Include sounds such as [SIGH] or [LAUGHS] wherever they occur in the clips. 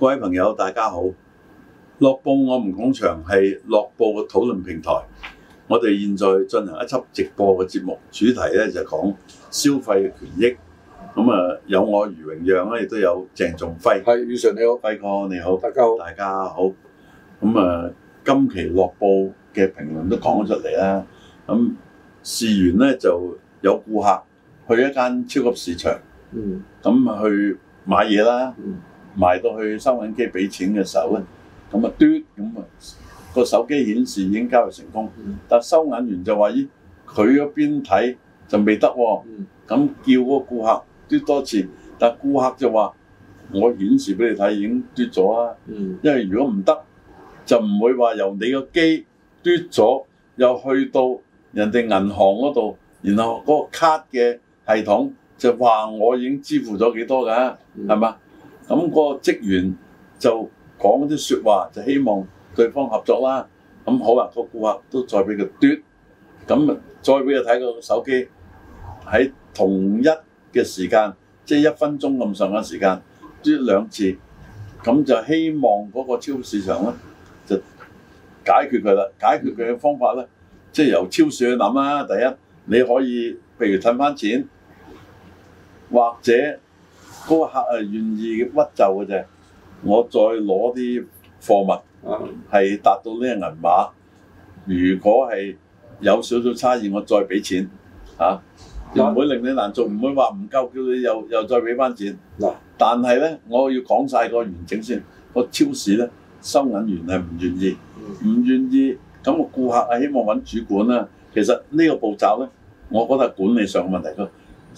各位朋友，大家好！《樂報我們講場》係《樂報》嘅討論平台。我哋現在進行一輯直播嘅節目，主題咧就講、是、消費嘅權益。咁啊，有我余榮陽咧，亦都有鄭仲輝。係，余 Sir 你好。係，輝哥你好。大家好，大家好。咁啊，今期《樂報》嘅評論都講咗出嚟啦。咁事緣咧，就有顧客去一間超級市場，咁去買嘢啦。嗯埋到去收銀機俾錢嘅時候咧，咁啊嘟，咁、那、啊個手機顯示已經交易成功，但收銀員就話：咦，佢嗰邊睇就未得，咁、嗯、叫嗰個顧客嘟多次，但顧客就話：我顯示俾你睇已經嘟咗啊、嗯，因為如果唔得，就唔會話由你個機嘟咗，又去到人哋銀行嗰度，然後嗰個卡嘅系統就話我已經支付咗幾多㗎，係、嗯、嘛？咁、那個職員就講啲說話，就希望對方合作啦。咁好啦、那個顧客都再俾佢嘟，咁再俾佢睇個手機，喺同一嘅時間，即、就是、一分鐘咁長嘅時間，嘟兩次，咁就希望嗰個超市場咧就解決佢啦。解決佢嘅方法咧，即、就是、由超市去諗啦。第一，你可以譬如退返錢，或者。嗰個客係願意屈就嘅啫，我再攞啲貨物，係達到呢個銀碼。如果係有少少差異，我再俾錢吓，又唔會令你難做，唔會話唔夠叫你又又再俾翻錢。嗱，但係咧，我要講晒個完整先。個超市咧，收銀員係唔願意，唔願意，咁個顧客係希望揾主管啦。其實呢個步驟咧，我覺得係管理上嘅問題多。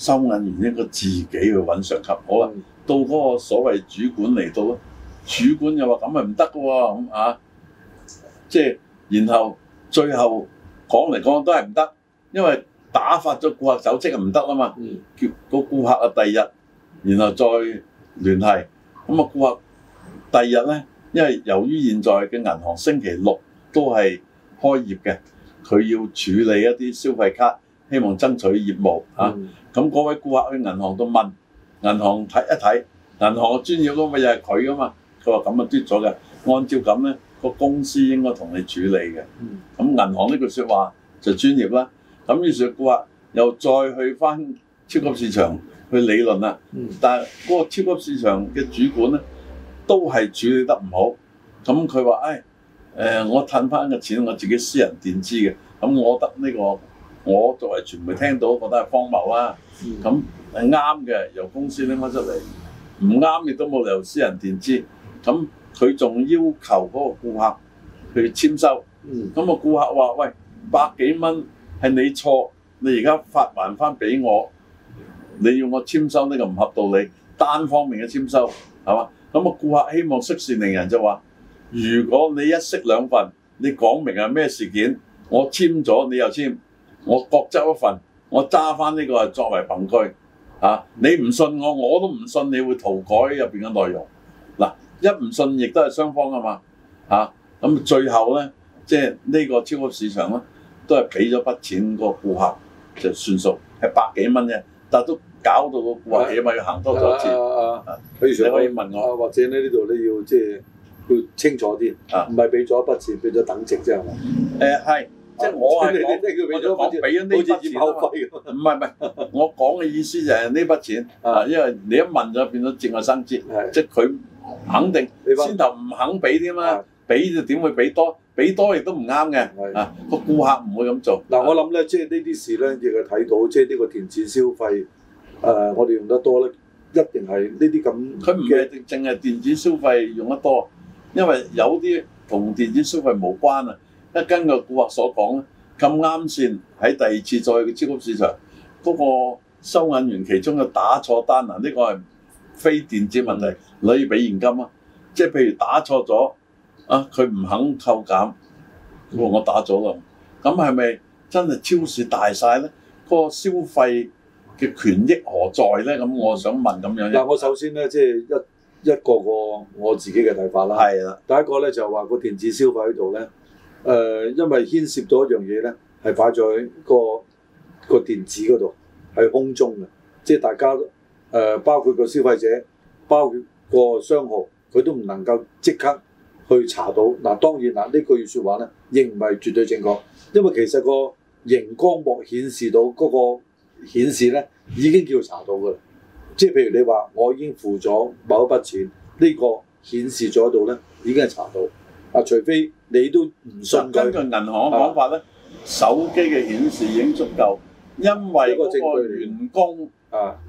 收銀員應該自己去揾上級，好啦，到嗰個所謂主管嚟到，主管又話咁係唔得嘅喎，咁啊，即係，然後最後講嚟講都係唔得，因為打發咗顧客走即係唔得啊嘛，叫，嗯，個顧客啊第二日，然後再聯繫，咁啊個顧客第二日咧，因為由於現在嘅銀行星期六都係開業嘅，佢要處理一啲消費卡。希望爭取業務嚇，咁、嗯、嗰、啊那個、位顧客去銀行度問，銀行睇一睇，銀行專業嗰個嘢係佢噶嘛？佢話咁啊，嘟咗嘅，按照咁呢個公司應該同你處理嘅。咁、嗯、銀行呢句說話就專業啦。咁於是顧客又再去翻超級市場去理論啦，嗯。但係嗰個超級市場嘅主管呢，都係處理得唔好。咁佢話，誒、哎，我褪翻嘅錢我自己私人墊資嘅。咁我得呢、這個。我作為傳媒聽到，我覺得係荒謬啦。咁係啱嘅，由公司拎翻出嚟，唔啱亦都冇理由私人電知。咁佢仲要求嗰個顧客去簽收。咁個顧客話：，喂，百幾蚊係你錯，你而家發還翻俾我，你要我簽收呢個唔合道理，單方面嘅簽收係嘛？咁個顧客希望息事寧人就話：，如果你一式兩份，你講明係咩事件，我簽咗，你又簽。我各執一份，我揸翻呢個作為憑據、啊。你唔信我，我都唔信你會塗改入面嘅內容。嗱、啊，一唔信亦都係雙方啊嘛。咁、啊、最後咧，即係呢個超級市場咧，都係俾咗筆錢個顧客就是、算數，係百幾蚊啫。但都搞到個顧客，起碼要行多咗一次。啊啊啊譬如！你可以問我，啊、或者呢度咧要即係要清楚啲。啊，唔係俾咗筆錢，俾咗等值啫係嘛？係、啊。即係我係即係佢俾咗，俾咗呢筆錢。唔係唔係，我講嘅意思就係呢筆錢啊， [LAUGHS] 因為你一問就變咗節外生枝。即係佢肯定你先頭唔肯俾啲嘛，俾就點會俾多？俾多亦都唔啱嘅啊！個顧客唔會咁做。嗱，我諗咧，即係呢啲事咧亦佢睇到，即係呢個電子消費誒、 [LAUGHS] 啊，我哋用得多咧，一定係呢啲咁。佢唔係淨係電子消費用得多， [LAUGHS] 因為有啲同電子消費無關啊。一根據古惑所講咧，咁啱先喺第二次再嘅超級市場，嗰個收銀員其中嘅打錯單。嗱，呢個係非電子問題，你以俾現金啊！即係譬如打錯咗啊，佢唔肯扣減，我我打咗啦，咁係咪真係超市大晒咧？嗰個消費嘅權益何在咧？咁我想問咁樣。嗱，我首先咧即係一一個個我自己嘅睇法啦。係啦，第一個咧就話個電子消費喺度咧。誒、呃，因為牽涉到一樣嘢咧，係擺在個個電子嗰度喺空中嘅，即係大家誒、呃，包括個消費者，包括個商號，佢都唔能夠即刻去查到。嗱、呃，當然嗱，這句呢句說話咧，亦唔係絕對正確，因為其實個熒光幕顯示到嗰個顯示咧，已經叫查到㗎喇。即係譬如你話，我已經付咗某一筆錢，這個、顯示了呢個顯示咗喺度咧，已經係查到。啊、呃，除非。你都唔信銀？根據銀行講法咧，手機嘅顯示已經足夠，因為嗰個員工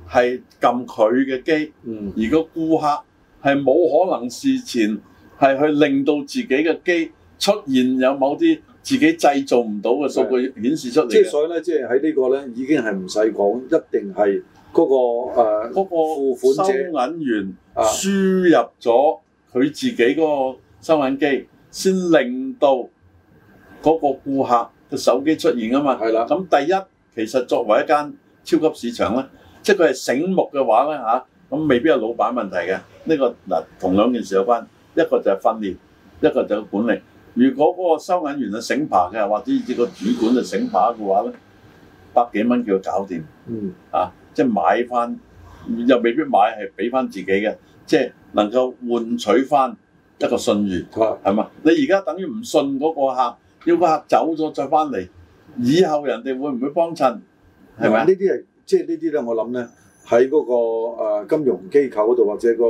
係撳佢嘅機，而個顧客係冇可能事前係去令到自己嘅機出現有某啲自己製造唔到嘅數據顯示出嚟。即係所以咧，即係喺呢個咧已經係唔使講，一定係嗰、嗰個誒嗰、啊嗰個、付款個收銀員輸入咗佢自己嗰個收銀機。先令到嗰個顧客嘅手機出現啊嘛，係啦。咁第一其實作為一間超級市場咧，即係佢係醒目嘅話咧嚇，咁、啊、未必係老闆問題嘅。呢、這個嗱同兩件事有關，一個就係訓練，一個就係管理。如果嗰個收銀員係醒牌嘅，或者以至個主管係醒牌嘅話咧，百幾蚊叫佢搞掂，嗯啊，即係買翻又未必買係俾翻自己嘅，即係能夠換取翻。得個信譽係嘛？你而家等於唔信嗰個客，要個客走咗再翻嚟，以後人哋會唔會幫襯？係咪、即係、呢啲係即係呢啲咧，我諗咧喺嗰個、呃、金融機構嗰度或者、個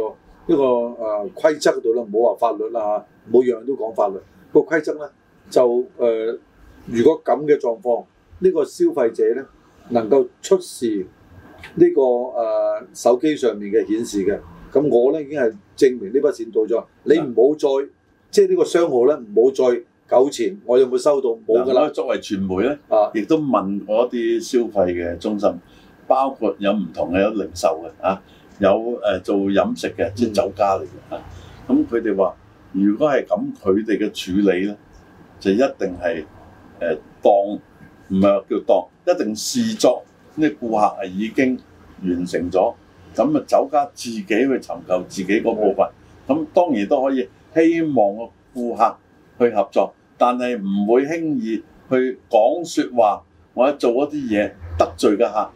一個誒規則嗰度咧，冇、呃、話法律啦、啊、嚇，每樣都講法律、個規則咧，就誒、呃、如果咁嘅狀況，呢、呢個消費者咧能夠出示呢、呢個誒、呃、手機上面嘅顯示嘅。咁我咧已經係證明呢筆錢到咗，你唔好再、啊、即係呢個商號咧，唔好再糾纏。我有冇收到？冇㗎啦。我作為傳媒咧，亦、啊、都問過一啲消費嘅中心，包括有唔同嘅有零售嘅啊，有誒、呃、做飲食嘅即係酒家嚟嘅。咁佢哋話：如果係咁，佢哋嘅處理咧，就一定係誒、呃、當唔係叫當，一定視作啲顧客係已經完成咗。咁啊，酒家自己去尋求自己嗰部分，咁當然都可以希望個顧客去合作，但係唔會輕易去講說話或者做一啲嘢得罪嘅客。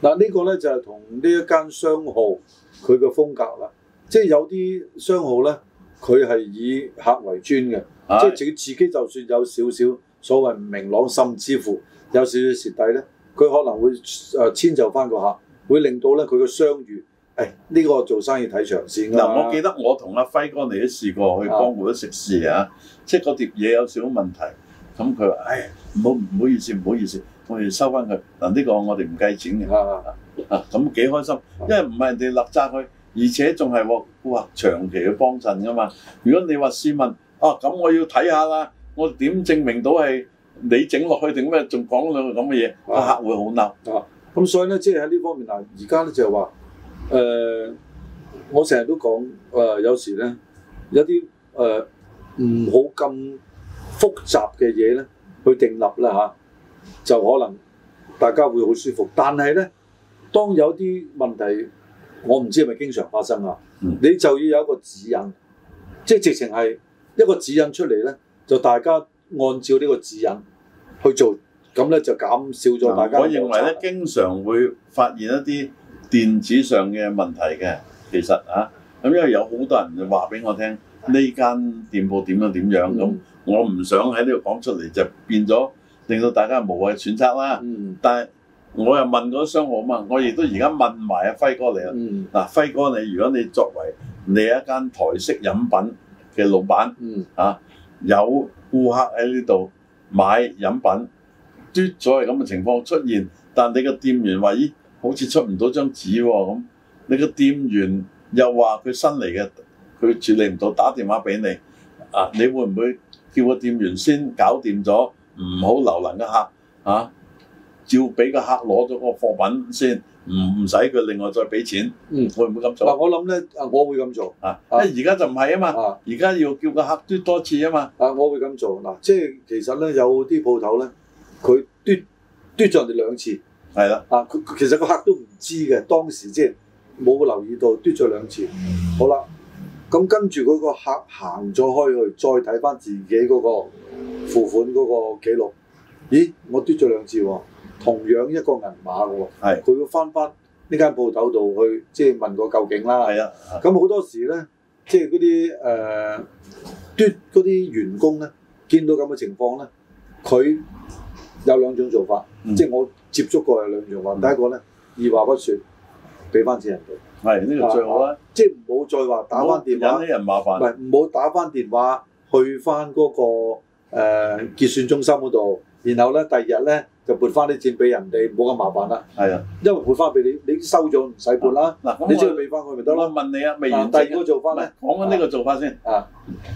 嗱，呢個咧就係同呢一間商號佢嘅風格啦。即係有啲商號咧，佢係以客為尊嘅，即係自己就算有少少所謂唔明朗，甚至乎有少少蝕底咧，佢可能會誒遷就返個客。會令到咧佢嘅商譽，誒、哎、呢、這個做生意睇長線嗱。我記得我同阿輝哥嚟都試過去幫會一食試啊，即係碟嘢有少少問題，咁佢話：唉、哎，唔好唔好意思，唔好意思，我哋收翻佢嗱。呢、這個我哋唔計錢嘅啊，咁幾開心，因為唔係人哋勒詐佢，而且仲係話長期去幫襯噶嘛。如果你話試問：哦、啊，咁我要睇下啦，我點證明到係你整落去定咩？仲講兩句咁嘅嘢，個客戶會好嬲。咁所以咧，即係喺呢方面嗱，而家咧就係、是、話、呃，我成日都講，誒、呃，有時咧，有啲誒唔好咁複雜嘅嘢咧，去定立啦吓、啊，就可能大家會好舒服。但係咧，當有啲問題，我唔知係咪經常發生啊、嗯，你就要有一個指引，即係直情係一個指引出嚟咧，就大家按照呢個指引去做。咁咧就減少咗。大家我認為咧，經常會發現一啲電子上嘅問題嘅。其實啊，咁因為有好多人就話俾我聽，呢間店鋪點樣點樣咁，嗯、樣我唔想喺呢度講出嚟、嗯，就變咗令到大家無謂選擇啦。嗯。但係我又問嗰啲商戶嘛，我亦都而家問埋阿輝哥嚟啦。嗯。嗱、啊，輝哥你，如果你作為你一間台式飲品嘅老闆，嗯。嚇、啊，有顧客喺呢度買飲品。嘟咗係咁嘅情況出現，但你個店員話：咦，好似出唔到張紙喎、哦、咁。你個店員又話佢新嚟嘅，佢處理唔到，打電話俾你。啊，你會唔會叫個店員先搞掂咗，唔、嗯、好留難嘅客啊？照俾個客攞咗個貨品先，唔使佢另外再俾錢。嗯，會唔會咁做？我諗咧，啊，我會咁做啊。而家就唔係啊嘛。而家要叫個客嘟多次啊嘛。啊，我會咁做嗱、啊。即係其實咧，有啲鋪頭咧。佢嘟嘟咗人哋兩次，係啦啊！佢其實個客都唔知嘅，當時即係冇留意到嘟咗兩次。好啦，咁跟住嗰個客行咗開去，再睇翻自己嗰個付款嗰個記錄。咦！我嘟咗兩次喎，同樣一個銀碼喎，係佢會翻翻呢間鋪頭度去即係問個究竟啦。係啊，咁好多時咧，即係嗰啲誒嘟嗰啲員工咧，見到咁嘅情況咧，佢。有兩種做法，嗯、即係我接觸過有兩種方法，嗯。第一個咧，二話不說，俾翻錢給人哋，係，這，呢個最好啦，啊。即係唔好再話打翻電話引啲人麻煩，唔好打翻電話去翻，那，嗰個誒，呃、結算中心嗰度，然後咧第二日咧就撥翻啲錢俾人哋，唔好咁麻煩啦。係啊，因為撥翻俾你，你收咗唔使撥啦。嗱，你只要俾翻佢咪得咯？問你啊，未完第二個做法，啊，講，啊，緊，啊、呢個做法先啊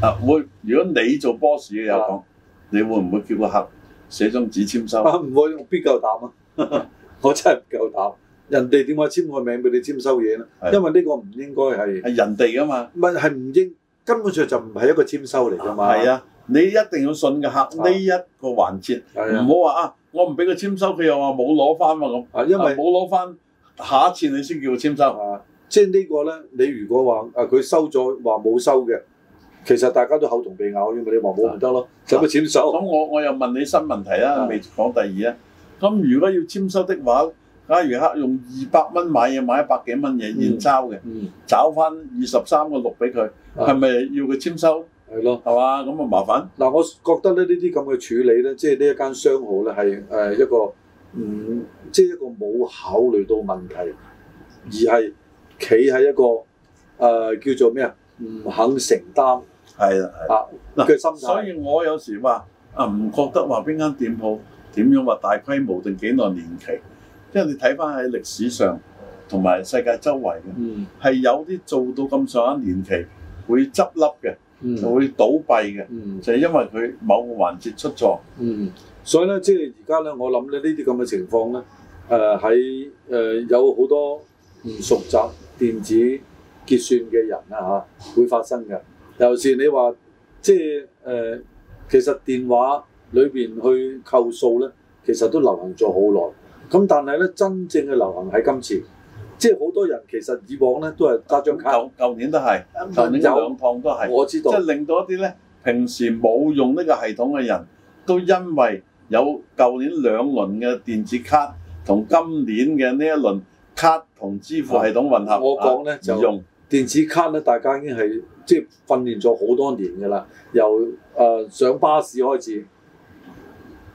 啊！會如果你做 boss 嘅又講，你會唔會叫個客？寫張紙簽收啊！唔會，我必夠膽啊！ [LAUGHS] 我真係唔夠膽。人哋點解簽個名俾你簽收嘢咧、啊？因為呢個唔應該係係人哋噶嘛。唔係，係唔應根本上就唔係一個簽收嚟㗎嘛。係啊，啊，你一定要信個客呢一個環節，唔好話啊！我唔俾佢簽收，佢又話冇攞翻嘛咁。啊，因為冇攞翻，下一次你先叫佢簽收嚇。即、啊、係、就是、呢個咧，你如果話啊，佢收咗話冇收嘅。其實大家都口同鼻拗，因為你話冇唔得咯？使乜簽收？咁、啊、我我又問你新問題啦，未講第二啊？咁如果要簽收的話，假如客用二百蚊買嘢，買一百幾蚊嘢現鈔嘅、嗯，找翻二十三個六俾佢，係咪要佢簽收？係咯，係嘛？咁啊麻煩。嗱，我覺得咧呢啲咁嘅處理咧，即係呢一間商號咧係誒一個唔即係一個冇考慮到問題，而係企喺一個誒、呃、叫做咩啊？唔、嗯、肯承擔。係啦，係、啊、嗱，所以我有時話啊，唔覺得話邊間店鋪點樣話大規模定幾耐年期，因為你睇翻喺歷史上同埋世界周圍嘅，係、嗯、有啲做到咁上一年期會執笠嘅，會倒閉嘅、嗯嗯，就係、是、因為佢某個環節出錯。嗯，所以咧，即係而家咧，我諗咧呢啲咁嘅情況咧，誒喺誒有好多唔熟悉電子結算嘅人啦、啊、嚇，會發生嘅。尤其是你話，即係、呃、其實電話裏面去扣數咧，其實都流行咗好耐。咁但係咧，真正嘅流行喺今次，即係好多人其實以往咧都係揸張卡。舊、嗯、年都係，舊年兩趟都係、嗯。我知道。即、就、係、是、令到一啲咧平時冇用呢個系統嘅人都因為有舊年兩輪嘅電子卡同今年嘅呢一輪卡同支付系統混合，嗯、我講咧就。啊、用。電子卡咧，大家已經係即係訓練咗好多年㗎喇。由誒、呃、上巴士開始，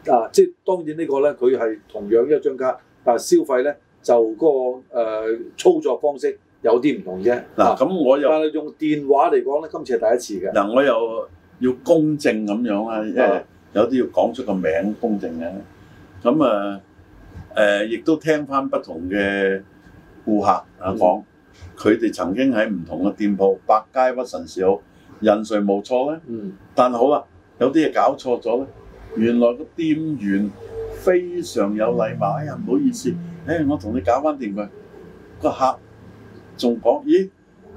啊，即係當然這個呢個咧，佢係同樣一張卡，但係消費咧就嗰、那個、呃、操作方式有啲唔同啫。嗱、啊，咁、啊、我又但係用電話嚟講咧，今次係第一次嘅。嗱、啊，我又要公正咁樣啊，因、啊、為有啲要講出個名公正嘅、啊。咁誒誒，亦、啊啊、都聽翻不同嘅顧客啊講。嗯佢哋曾經喺唔同嘅店鋪，百佳屈臣氏好，人誰冇錯咧？嗯，但好啊，有啲嘢搞錯咗咧。原來個店員非常有禮貌，哎呀唔好意思，誒、欸、我同你搞翻掂佢。個客仲講：咦，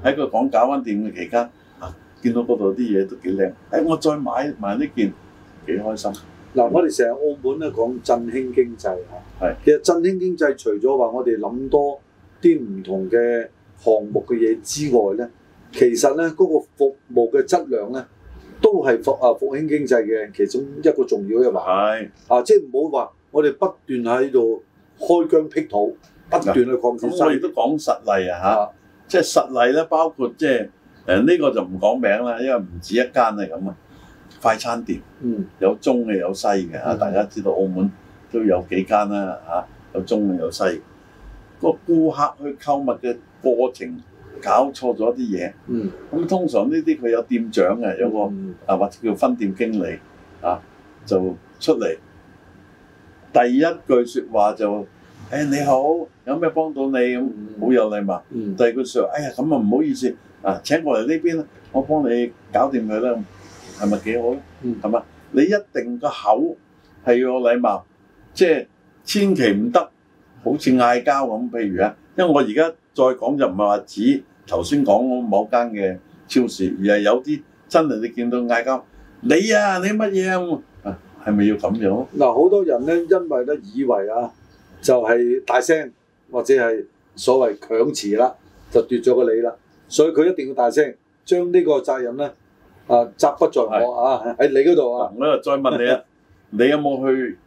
喺佢講搞翻掂嘅期間，啊見到嗰度啲嘢都幾靚，誒、欸、我再買埋呢件，幾開心。嗱、嗯，我哋成日澳門咧講振興經濟嚇，係。其實振興經濟除咗話我哋諗多啲唔同嘅。項目嘅嘢之外咧，其實咧嗰個服務嘅質量咧，都係復啊復興經濟嘅其中一個重要嘅一環。係啊，即係唔好話我哋不斷喺度開疆闢土，不斷去擴張。咁我亦都講實例啊嚇，即係實例咧，包括即係誒呢個就唔講名啦，因為唔止一間係咁啊。快餐店，嗯，有中嘅有西嘅啊，大家知道澳門都有幾間啦嚇，有中嘅有西。個顧客去購物嘅過程搞錯咗啲嘢，咁、嗯、通常呢啲佢有店長嘅、嗯，有個啊、嗯、或者叫分店經理啊就出嚟，第一句説話就誒、哎、你好，有咩幫到你咁，好有，有禮貌、嗯。第二句説話，哎呀咁啊唔好意思啊，請過嚟呢邊，我幫你搞掂佢啦，係咪幾好咧？係、嗯、嘛，你一定個口係要有禮貌，即、就、係、是、千祈唔得。好似嗌交咁，譬如啊，因為我而家再講就唔係話指頭先講某間嘅超市，而係有啲真係你見到嗌交，你啊，你乜嘢啊？啊，係咪要咁樣？嗱，好多人咧，因為咧以為啊，就係大聲或者係所謂強詞啦，就奪咗個理啦，所以佢一定要大聲，將呢個責任咧啊，責不在我啊，喺你嗰度啊。我又再問你啊， [LAUGHS] 你有冇去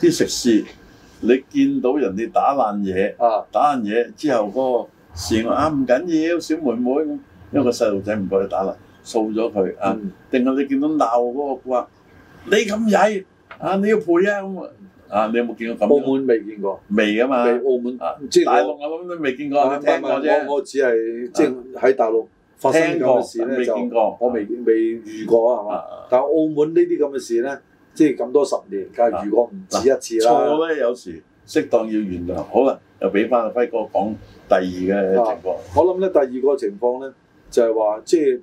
啲食肆？你見到人哋打爛嘢、啊，打爛嘢之後嗰個侍應話：唔緊要，小妹妹，嗯、因為個細路仔唔覺意打爛，掃咗佢、嗯、啊。定係你見到鬧嗰個，話、嗯、你咁曳啊，你要賠啊啊？你有冇見過咁？澳門未見過，未啊嘛？未澳門，澳門啊、即係大陸我諗都未見過。你、啊、聽過啫、啊？我只係、啊、即係喺大陸發生咁嘅、啊、事咧，就、啊、我未未遇過係嘛、啊啊？但係澳門這這呢啲咁嘅事咧。即係咁多十年，梗係遇過唔止一次啦。錯、啊、咧、啊啊，有時適當要原諒。好啦，又俾翻阿輝哥講第二嘅情況。我諗咧，第二個情況咧、啊，就係、是、話即係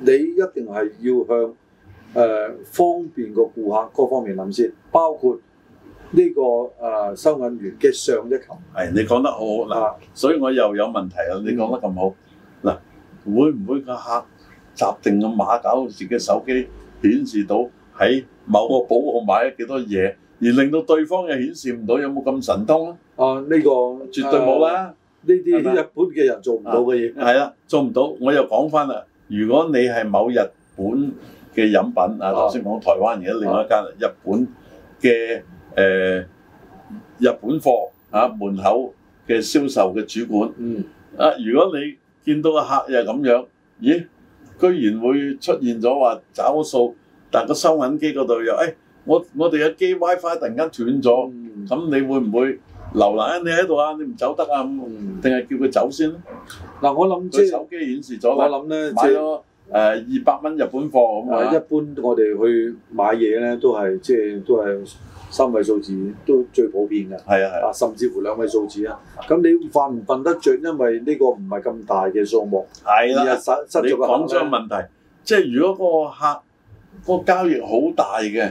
你一定係要向誒、呃、方便個顧客各方面諗先，包括呢、這個誒、呃、收銀員嘅上一級。係你講得好嗱、啊啊，所以我又有問題啦。你講得咁好嗱、嗯啊，會唔會個客集定個碼搞到自己手機顯示到喺？某個寶我買咗幾多嘢，而令到對方又顯示唔到，有冇咁神通咧？哦、啊，呢、這個絕對冇啦！呢、啊、啲日本嘅人做唔到嘅嘢，係啦、啊，做唔到。我又講翻啦，如果你係某日本嘅飲品啊，頭先講台灣，而家另外一間、啊、日本嘅誒、呃、日本貨嚇、啊、門口嘅銷售嘅主管、嗯，啊，如果你見到個客又係咁樣，咦，居然會出現咗話找數？但個收銀機嗰度又誒，我我哋嘅機 WiFi 突然間斷咗，咁、嗯、你會唔會留欄？你喺度啊，你唔走得啊咁，定、嗯、係叫佢走先？嗱、呃，我諗即係手機顯示咗，我諗咧即係誒二百蚊日本貨咁啊。一般我哋去買嘢咧都係即係都係三位數字，都最普遍嘅。係啊係啊，甚至乎兩位數字啊。咁你瞓唔瞓得着？因為呢個唔係咁大嘅數目，係啦，失失咗個數。你講問題，嗯、即係如果嗰個客。那個交易好大嘅，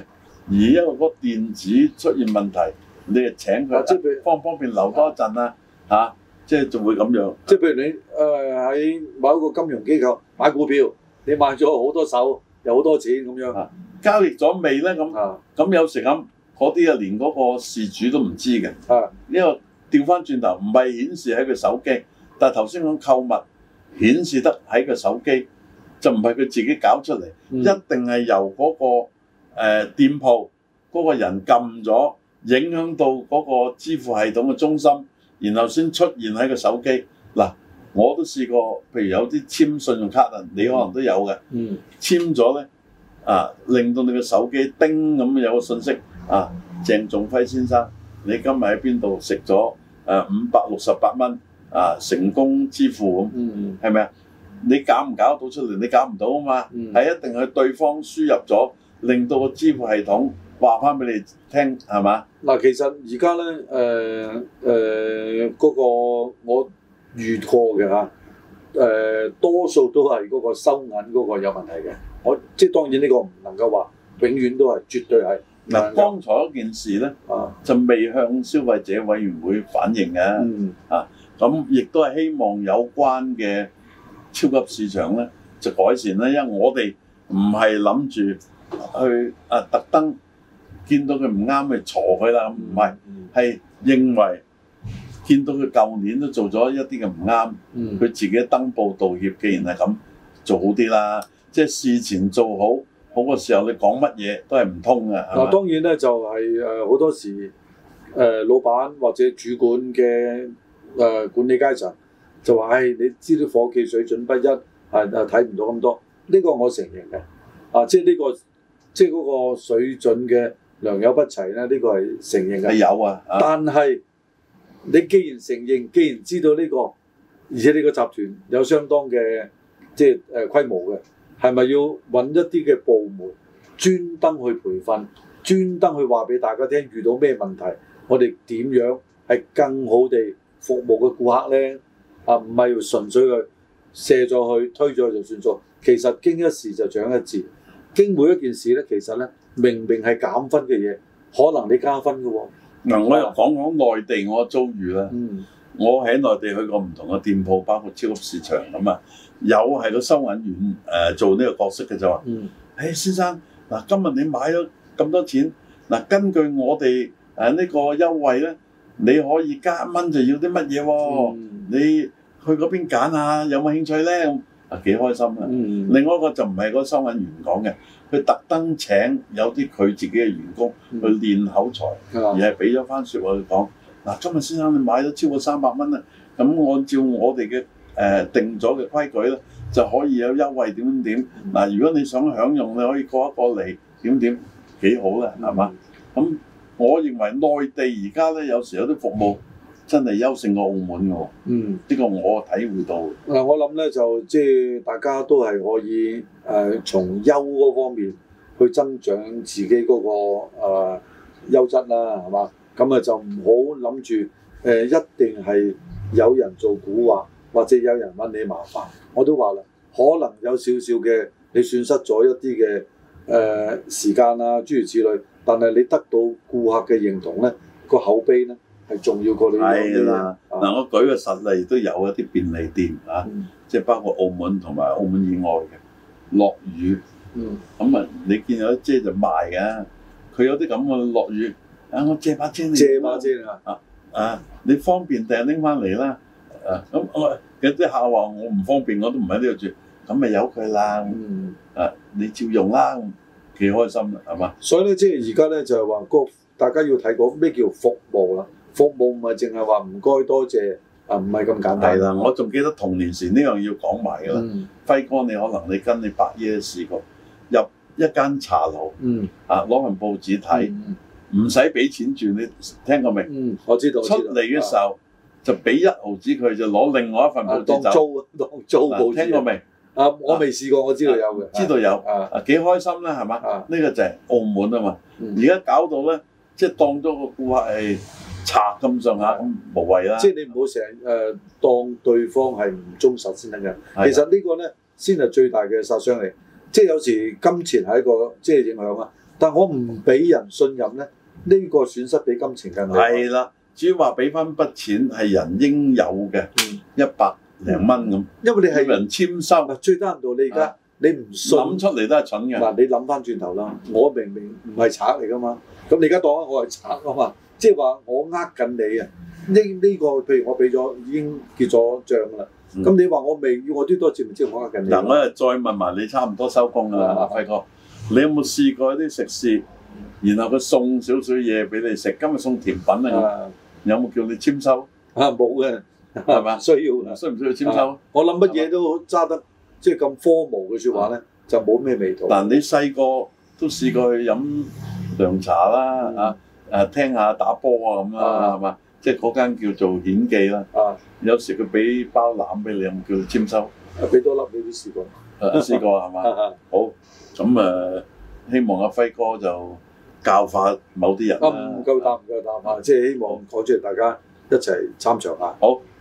而一個嗰電子出現問題，你誒請佢即係佢方唔方便留多一陣啦嚇，即係仲會咁樣。啊啊、即係譬如你誒喺某一個金融機構買股票，你買咗好多手，有好多錢咁樣、啊，交易咗未咧咁，咁、啊、有時咁嗰啲啊連嗰個事主都唔知嘅。啊，因為調翻轉頭唔係顯示喺佢手機，但係頭先講購物顯示得喺個手機。就唔係佢自己搞出嚟，一定係由嗰個誒店鋪嗰個人撳咗，影響到嗰個支付系統嘅中心，然後先出現喺個手機。嗱，我都試過，譬如有啲簽信用卡啊，你可能都有嘅。嗯，簽咗咧，啊，令到你嘅手機叮咁有個信息啊，鄭仲輝先生，你今日喺邊度食咗誒五百六十八蚊啊，成功支付咁，嗯，係咪啊？你搞唔搞得到出嚟？你搞唔到啊嘛，係、嗯、一定係對方輸入咗，令到個支付系統話翻俾你聽，係嘛？嗱，其實而家咧，誒誒嗰個我預過嘅吓，誒、呃、多數都係嗰個收銀嗰個有問題嘅。我即係當然呢個唔能夠話永遠都係絕對係。嗱，剛才一件事咧、啊，就未向消費者委員會反映嘅、啊嗯，啊咁亦都係希望有關嘅。超級市場咧就改善啦，因為我哋唔係諗住去、嗯、啊特登見到佢唔啱咪鋤佢啦，唔係係認為見到佢舊年都做咗一啲嘅唔啱，佢、嗯、自己登報道歉，既然係咁做好啲啦，即、就、係、是、事前做好，好嘅時候你講乜嘢都係唔通嘅。嗱、嗯，當然咧就係誒好多時誒、呃、老闆或者主管嘅誒、呃、管理階層。就話誒、哎，你知道伙計水準不一，係啊睇唔到咁多呢、這個我承認嘅啊，即係、這、呢個即係嗰個水準嘅良莠不齊咧，呢、這個係承認嘅有啊，但係你既然承認，既然知道呢、這個，而且呢個集團有相當嘅即係誒規模嘅，係咪要揾一啲嘅部門專登去培訓，專登去話俾大家聽遇到咩問題，我哋點樣係更好地服務嘅顧客咧？啊，唔係純粹去卸咗去推咗去就算咗。其實經一事就長一智，經每一件事咧，其實咧明明係減分嘅嘢，可能你加分嘅喎。嗱，我又講講內地我嘅遭遇啦。嗯，我喺內地去過唔同嘅店鋪，包括超級市場咁啊，有、嗯、係個收銀員誒、呃、做呢個角色嘅就話：，嗯，誒、哎、先生，嗱今日你買咗咁多錢，嗱根據我哋誒呢個優惠咧。你可以加一蚊就要啲乜嘢喎？你去嗰邊揀下有冇興趣呢？啊幾開心啊、嗯！另外一個就唔係個收銀員講嘅，佢特登請有啲佢自己嘅員工去練口才，嗯、而係俾咗番説話去講。嗱、嗯，今、啊、日先生你買咗超過三百蚊啊，咁按照我哋嘅、呃、定咗嘅規矩呢，就可以有優惠點點點。嗱、啊，如果你想享用，你可以過一過嚟點點，幾好呢係嘛？咁。嗯嗯我認為內地而家咧有時有啲服務真係優勝過澳門嘅，嗯，呢個我體會到。嗱、嗯，我諗咧就即係大家都係可以誒從優嗰方面去增長自己嗰個誒優質啦，係嘛？咁啊就唔好諗住誒一定係有人做古惑，或者有人搵你麻煩。我都話啦，可能有少少嘅你損失咗一啲嘅誒時間啊，諸如此類。但係你得到顧客嘅認同咧，個口碑咧係重要過你有啲嘢。嗱，我舉個實例都有一啲便利店啊，即、嗯、係包括澳門同埋澳門以外嘅。落雨，咁、嗯、啊，你見有遮就賣㗎。佢、嗯、有啲咁嘅落雨，啊，我借把遮你。借把遮啊，啊！啊，你方便第日拎翻嚟啦。啊，咁、啊、我有啲客話我唔方便，我都唔喺呢度住，咁咪由佢啦。啊，你照用啦。幾開心啦，係嘛？所以咧，即係而家咧，就係話個大家要睇過咩叫服務啦。服務唔係淨係話唔該多謝啊，唔係咁簡單。係啦，我仲記得童年時呢樣要講埋㗎啦。輝哥，你可能你跟你伯爺試過入一間茶樓，啊，攞份報紙睇，唔使俾錢住，你聽過未？嗯，我知道。出嚟嘅時候就俾一毫紙佢，就攞另外一份報紙走。當租，當租報紙。聽過未？沒試啊！我未試過，我知道有嘅、啊，知道有啊，幾、啊、開心啦，係、啊這個、嘛？呢個就係澳門啊嘛。而家搞到咧，即、就、係、是、當咗個顧客係賊咁上下，無謂啦。即、嗯、係、啊就是、你唔好成日誒當對方係唔忠實先得嘅。其實個呢個咧先係最大嘅殺傷力。即、就、係、是、有時金錢係一個即係、就是、影響啊。但我唔俾人信任咧，呢、這個損失比金錢更厲害。係啦，至於話俾翻一筆錢係人應有嘅，一、嗯、百。零蚊咁，因為你係冇人簽收。最得人怒你而家，你唔諗出嚟都係蠢嘅。嗱，你諗翻轉頭啦，我明明唔係賊嚟噶嘛。咁你而家當我係賊啊嘛，即係話我呃緊你啊。呢呢個譬如我俾咗已經結咗帳啦，咁你話我未要我啲多錢唔知我呃緊你。嗱，我又再問埋你，差唔多收工啦。阿輝哥，你有冇試過啲食肆，然後佢送少少嘢俾你食？今日送甜品啊，有冇叫你簽收？嚇，冇嘅。係 [LAUGHS] 嘛？需要需唔需要簽收？我諗乜嘢都揸得，即係咁荒謬嘅説話咧，就冇咩味道。但你細個都試過去飲涼茶啦，嗯，啊誒聽下打波啊咁啦，係嘛？即係嗰間叫做演技啦。啊，有時佢俾包攬俾你，有冇叫做簽收？啊，俾多粒你都試過。都試過係嘛？ [LAUGHS] 好咁誒、啊，希望阿輝哥就教化某啲人啦。唔、啊啊、夠膽唔、啊、夠膽啊，啊，啊！即係希望講出嚟，大家一齊參詳下。好。